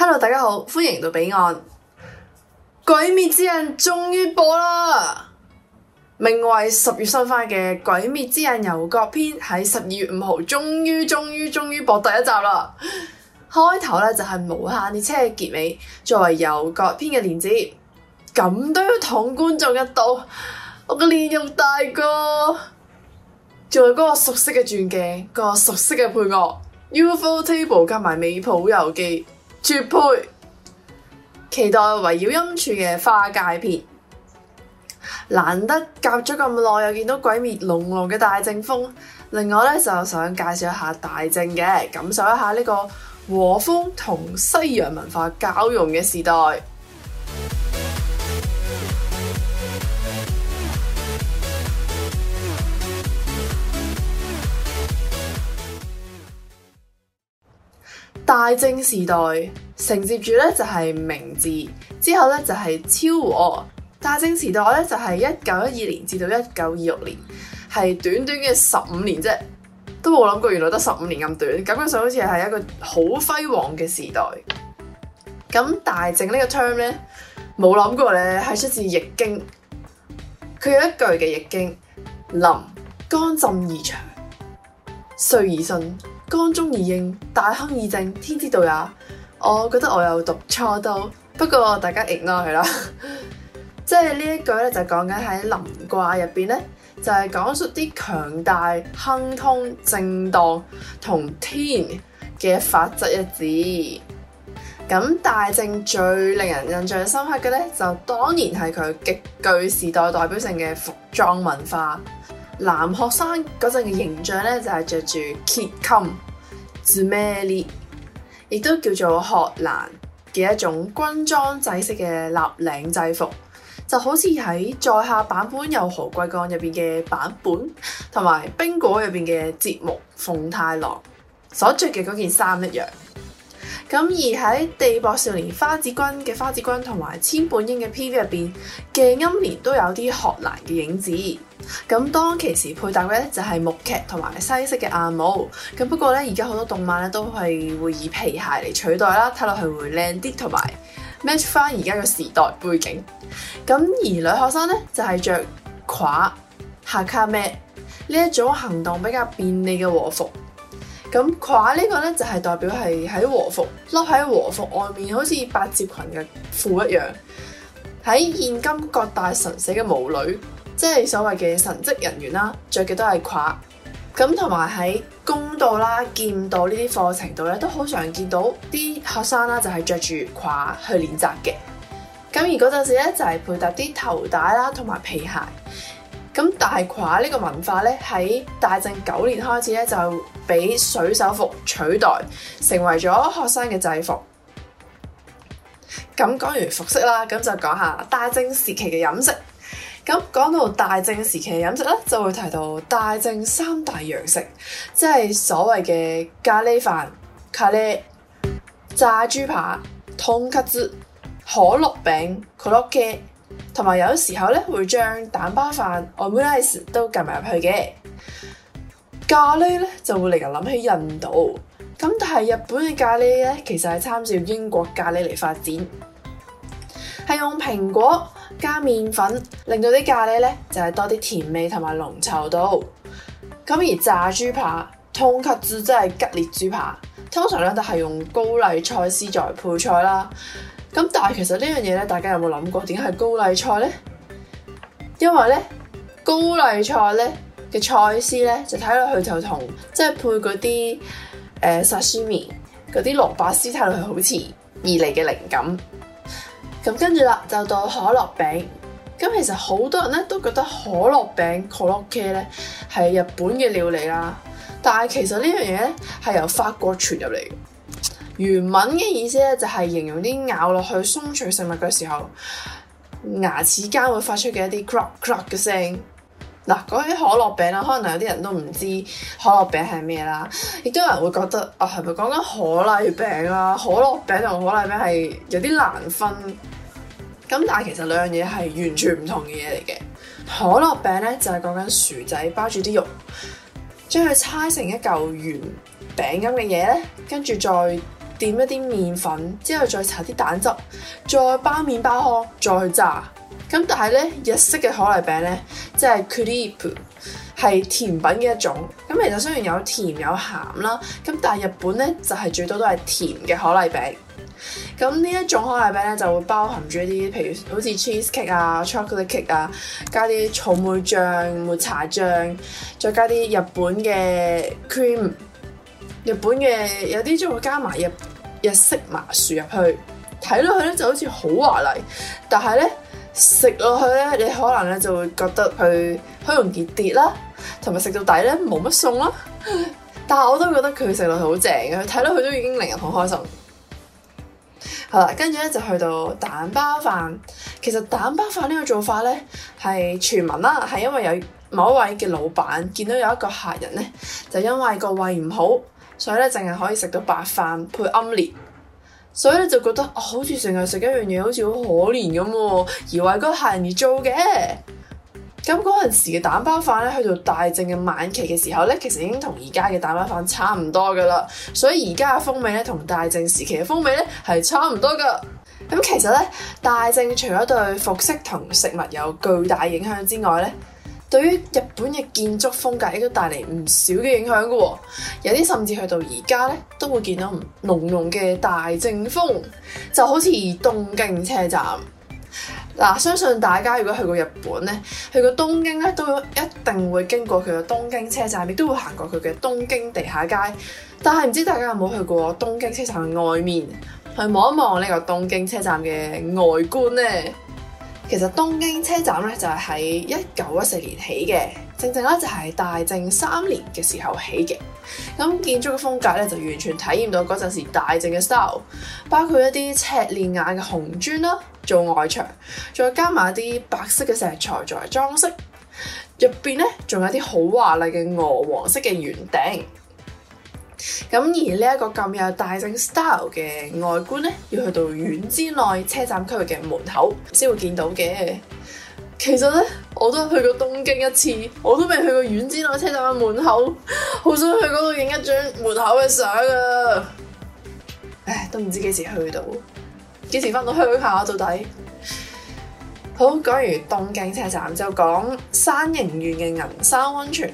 hello，大家好，歡迎到彼岸，《鬼滅之刃》終於播啦！名為《十月新番》嘅《鬼滅之刃》遊郭篇喺十二月五號終於、終於、終於播第一集啦。開頭咧就係、是、無限列車嘅結尾，作為遊郭篇嘅連接，咁都要同觀眾一度。我嘅煉獄大哥，仲有嗰個熟悉嘅轉鏡，嗰個熟悉嘅配樂 UFO Table 加加埋美譜遊記，絕配，期待圍繞音柱嘅花街篇。難得隔咗咁耐，又見到鬼滅濃濃嘅大正風。另外呢，就想介紹一下大正嘅，感受一下呢個和風同西洋文化交融嘅時代。大正時代承接住咧就係明治，之後咧就係昭和。大正時代咧就係一九一二年至到一九二六年係短短嘅十五年啫，都冇諗過原來得十五年咁短，感覺上好似係一個好輝煌嘅時代。咁大正呢個 term 咧冇諗過咧係出自易經，佢有一句嘅易經：臨剛浸而長，歲而新。剛中而應，大亨以正，天之道也。我覺得我有讀錯到，不過大家認咗佢啦。 即係呢一句咧，就講緊喺臨卦入邊咧，就係、是、講述啲強大、亨通、正當同天嘅法則一致。咁大正最令人印象深刻嘅咧，就當然係佢極具時代代表性嘅服裝文化。男學生嗰陣嘅形象咧，就係、是、着住詰襟 tsumeeri，亦都叫做學蘭嘅一種軍裝制式嘅立領制服，就好似喺在，在下坂本《有何貴幹》入邊嘅坂本，同埋《冰菓》入邊嘅折木奉太郎所着嘅嗰件衫一樣。咁而喺《地縛少年》花子君嘅花子君同埋千本櫻嘅 P.V. 入邊嘅鏡音連都有啲學蘭嘅影子。咁當其時配搭嘅咧就係木屐同埋西式嘅暗帽。咁不過咧而家好多動漫咧都係會以皮鞋嚟取代啦，睇落去會靚啲同埋 match 翻而家嘅時代背景。咁而女學生咧就係着袴 hakama 呢一種行動比較便利嘅和服。咁袴呢個呢，就係代表係喺和服笠喺和服外面，好似百褶裙嘅褲一樣。喺現今各大神社嘅巫女，即係所謂嘅神職人員啦，着嘅都係袴，呃。咁同埋喺弓道啦、劍道呢啲課程度呢，都好常見到啲學生啦，就係着住袴去練習嘅。咁而嗰陣時咧，就係、是、配搭啲頭帶啦，同埋皮鞋。咁大垮呢個文化呢，喺大正九年開始呢，就俾水手服取代，成為咗學生嘅制服。咁講完服飾啦，咁就講下大正時期嘅飲食。咁講到大正時期嘅飲食呢，就會提到大正三大洋食，即係所謂嘅咖喱飯、咖喱炸豬扒、トンカツ、可樂餅、コロッケ。同埋有啲時候咧，會將蛋包飯、オムライス都夾埋入去。嘅咖喱咧，就會令人諗起印度。咁但係日本嘅咖喱咧，其實係參照英國咖喱嚟發展，係用蘋果加麵粉，令到啲咖喱咧就係多啲甜味同埋濃稠度。咁而炸豬扒、豚カツ，即係吉列豬扒，通常咧都係用高麗菜絲作為配菜啦。咁但係其實呢樣嘢咧，大家有冇諗過點解係高麗菜呢？因為咧高麗菜咧嘅菜絲咧，就睇落去就同即係配嗰啲誒刺身嗰啲蘿蔔絲睇落去好似而嚟嘅靈感。咁、嗯、跟住啦，就到可樂餅。咁、嗯、其實好多人咧都覺得可樂餅コロッケ咧係日本嘅料理啦，但係其實呢樣嘢咧係由法國傳入嚟嘅。原文嘅意思咧，就係、是、形容啲咬落去鬆脆食物嘅時候，牙齒間會發出嘅一啲 clack clack 嘅聲。嗱、啊，講起可樂餅啦，可能有啲人都唔知可樂餅係咩啦，亦都有人會覺得啊，係咪講緊可麗餅啊？可樂餅同可麗餅係有啲難分。咁但係其實兩樣嘢係完全唔同嘅嘢嚟嘅。可樂餅咧就係講緊薯仔包住啲肉，將佢搓成一嚿圓餅咁嘅嘢咧，跟住再，點一啲麵粉之後再搽啲蛋汁，再包麵包糠，再去炸。咁但係呢，日式嘅可麗餅呢，即係 crepe，係甜品嘅一種。咁其實雖然有甜有鹹啦，咁但係日本呢，就係、是、最多都係甜嘅可麗餅。咁呢一種可麗餅呢，就會包含住一啲，譬如好似 cheese cake 啊、chocolate cake 啊，加啲草莓醬、抹茶醬，再加啲日本嘅 cream。日本嘅有啲就會加埋日本日式麻薯入去，睇落去咧就好似好華麗，但係咧食落去咧，你可能咧就會覺得佢好容易跌啦，同埋食到底咧冇乜餸啦。 但係我都覺得佢食落去好正嘅，睇落去都已經令人好開心。好啦，跟住咧就去到蛋包飯。其實蛋包飯呢個做法咧係傳聞啦，係因為有某一位嘅老闆見到有一個客人咧，就因為個胃唔好。所以咧，淨係可以食到白飯配奄列。所以咧就覺得哦，好似成日食一樣嘢，好似好可憐咁喎，而為嗰客人而做嘅。咁嗰陣時嘅蛋包飯咧，去到大正嘅晚期嘅時候咧，其實已經同而家嘅蛋包飯差唔多噶啦。所以而家嘅風味咧，同大正時期嘅風味咧，係差唔多噶。咁其實咧，大正除咗對服飾同食物有巨大影響之外咧。對於日本嘅建築風格亦都帶嚟唔少嘅影響嘅，哦，有啲甚至去到而家咧，都會見到濃濃嘅大正風，就好似東京車站。嗱，啊，相信大家如果去過日本咧，去過東京咧，都一定會經過佢嘅東京車站，亦都會行過佢嘅東京地下街。但係唔知大家有冇去過東京車站外面，去望一望呢個東京車站嘅外觀呢？其實東京車站咧就係喺一九一四年起嘅，正正咧就係大正三年嘅時候起嘅。咁建築嘅風格咧就完全體驗到嗰陣時大正嘅 style，包括一啲赤煉瓦嘅紅磚啦做外牆，再加埋啲白色嘅石材作為裝飾，入邊咧仲有啲好華麗嘅鵝黃色嘅圓頂。咁而呢一個咁有大正 style 嘅外觀呢，要去到丸之內車站區域嘅門口先會見到嘅。其實呢，我都去過東京一次，我都未去過丸之內車站嘅門口，好想去嗰度影一張門口嘅相啊！唉，都唔知幾時去到，幾時翻到鄉下到底。好，講完東京車站就講山形縣嘅銀山溫泉。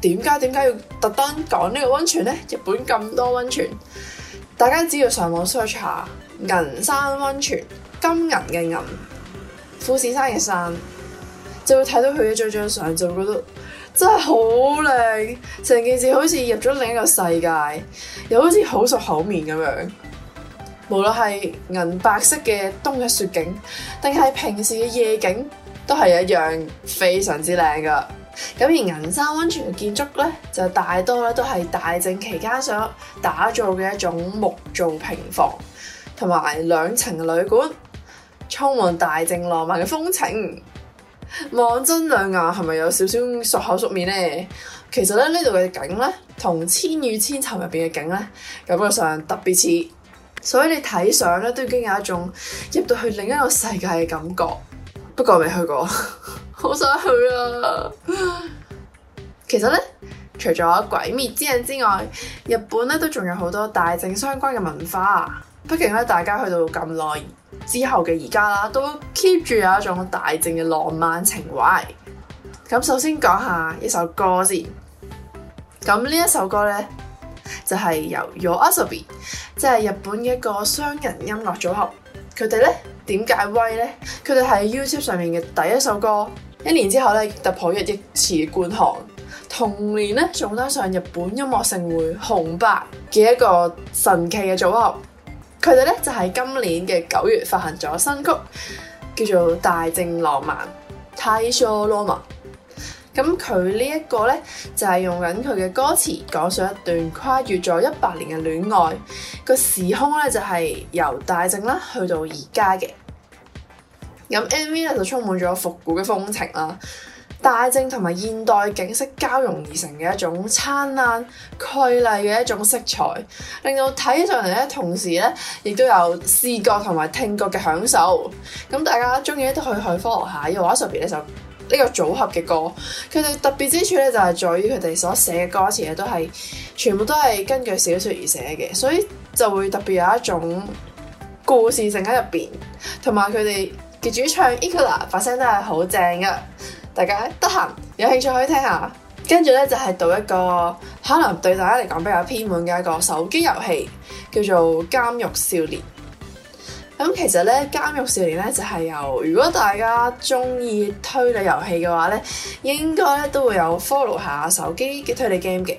點解點解要特登講呢個温泉呢？日本咁多温泉，大家只要上網 search 下銀山温泉，金銀嘅銀，富士山嘅山，就會睇到佢一張張相，就會覺得真係好靚，成件事好似入咗另一個世界，又好似好熟口面咁樣。無論係銀白色嘅冬嘅雪景，定係平時嘅夜景，都係一樣非常之靚噶。咁而銀山溫泉嘅建築呢，就大多咧都係大正期間所打造嘅一種木造平房，同埋兩層嘅旅館，充滿大正浪漫嘅風情。望真兩眼係咪有少少熟口熟面呢？其實咧，呢度嘅景呢，同《千與千尋》入邊嘅景呢，感覺上特別似，所以你睇相呢，都已經有一種入到去另一個世界嘅感覺。不過未去過。 好想去啊！ 其實呢，除咗鬼滅之刃之外，日本咧都仲有好多大正相關嘅文化。畢竟咧，大家去到咁耐之後嘅而家啦，都 keep 住有一種大正嘅浪漫情懷。咁首先講下一首歌先。咁呢一首歌呢，就係、是、由 YOASOBI，即係日本嘅一個雙人音樂組合。佢哋呢，點解威呢，佢哋喺 YouTube 上面嘅第一首歌。一年之後咧，突破一億次觀看。同年咧，仲登上日本音樂盛會紅白嘅一個神奇嘅組合。佢哋咧就喺今年嘅九月發行咗新曲，叫做《大正浪漫》（Taishou Roman）。咁佢呢一個咧就係用緊佢嘅歌詞講述一段跨越咗一百年嘅戀愛，個時空咧就係由大正啦去到而家嘅。咁 M V 咧就充滿咗復古嘅風情啦，大正同埋現代景色交融而成嘅一種燦爛瑰麗嘅一種色彩，令到睇上嚟咧，同時咧亦都有視覺同埋聽覺嘅享受。咁大家中意咧都可以去 follow 下，因為我喺上邊呢就呢個組合嘅歌，佢哋特別之處咧就係在於佢哋所寫嘅歌詞咧都係全部都係根據小説而寫嘅，所以就會特別有一種故事性喺入邊，同埋佢哋。嘅主唱 ikura 把聲音都係好正噶，大家得閒有興趣可以聽下。跟住咧就係、是、到一個可能對大家嚟講比較偏門嘅一個手機遊戲，叫做《監獄少年》。咁其實咧，監獄少年咧就係、是、由如果大家中意推理遊戲嘅話咧，應該咧都會有 follow 下手機嘅推理 game 嘅，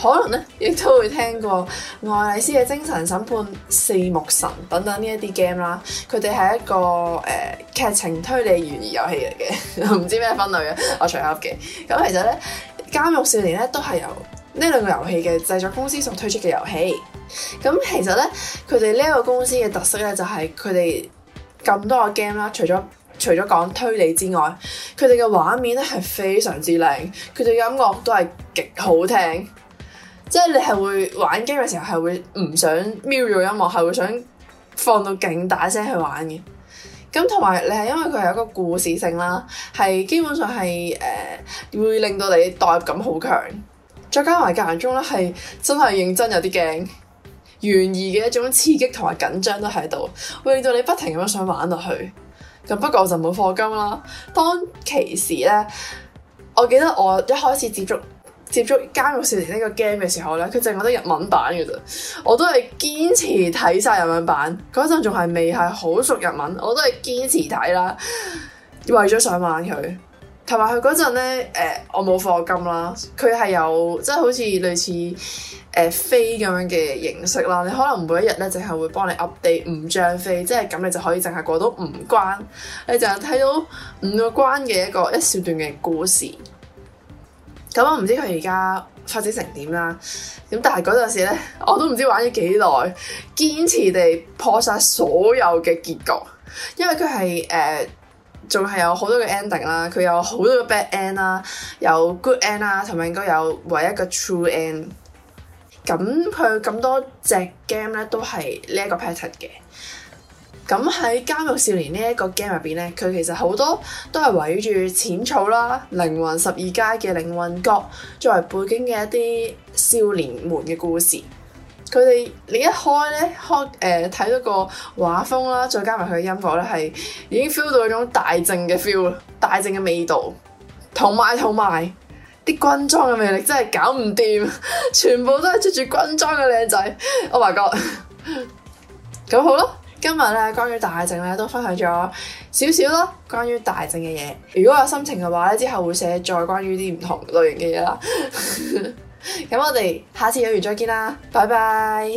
可能咧亦都會聽過愛麗絲嘅精神審判、四目神等等呢一啲 game 啦。佢哋係一個誒、呃、劇情推理懸疑遊戲嚟嘅，唔 知咩分類嘅，我隨口嘅。咁其實咧，監獄少年咧都係由呢兩個遊戲嘅製作公司所推出嘅遊戲。咁其實咧，佢哋呢一個公司嘅特色咧，就係佢哋咁多個 game 啦。除咗除咗講推理之外，佢哋嘅畫面咧係非常之靚，佢哋嘅音樂都係極好聽，即係你係會玩 game 嘅時候係會唔想 mute 咗音樂，係會想放到勁大聲去玩嘅。咁同埋你係因為佢係有一個故事性啦，係基本上係誒、呃、會令到你代入感好強，再加埋夾硬中咧係真係認真有啲驚。懸疑嘅一種刺激同埋緊張都喺度，會令到你不停咁樣想玩落去。咁不過我就冇課金啦。當其時呢，我記得我一開始接觸接觸《監獄少年》呢個 game 嘅時候呢，佢淨係得日文版嘅啫。我都係堅持睇晒日文版。嗰陣仲係未係好熟日文，我都係堅持睇啦，為咗想玩佢。同埋佢嗰陣咧，誒、欸，我冇課金啦。佢係有即係、即係、好似類似誒飛咁樣嘅形式啦。你可能每一日咧，淨係會幫你 update 五張飛，即係咁你就可以淨係過到五關。你淨係睇到五個關嘅一個一小段嘅故事。咁我唔知佢而家發展成點啦。咁但係嗰陣時咧，我都唔知玩咗幾耐，堅持地破晒所有嘅結局，因為佢係誒。呃仲係有好多個 ending 啦，佢有好多個 bad end 啦，有 good end 啦，同埋應該有唯一個 true end。咁佢咁多隻 game 咧都係呢一個 pattern 嘅。咁喺《監獄少年》呢一個 game 入邊咧，佢其實好多都係圍住淺草啦、靈魂十二階嘅靈魂角作為背景嘅一啲少年們嘅故事。佢哋你一開呢，開誒睇，呃、到個畫風啦，再加埋佢嘅音樂呢係已經 feel 到嗰種大正嘅 feel 大正嘅味道。同埋同埋啲軍裝嘅魅力真係搞唔掂，全部都係着住軍裝嘅靚仔。我話個咁好咯，今日呢，關於大正呢都分享咗少少咯，關於大正嘅嘢。如果有心情嘅話呢，之後會寫再關於啲唔同類型嘅嘢啦。 咁我哋下次有緣再見啦，拜拜。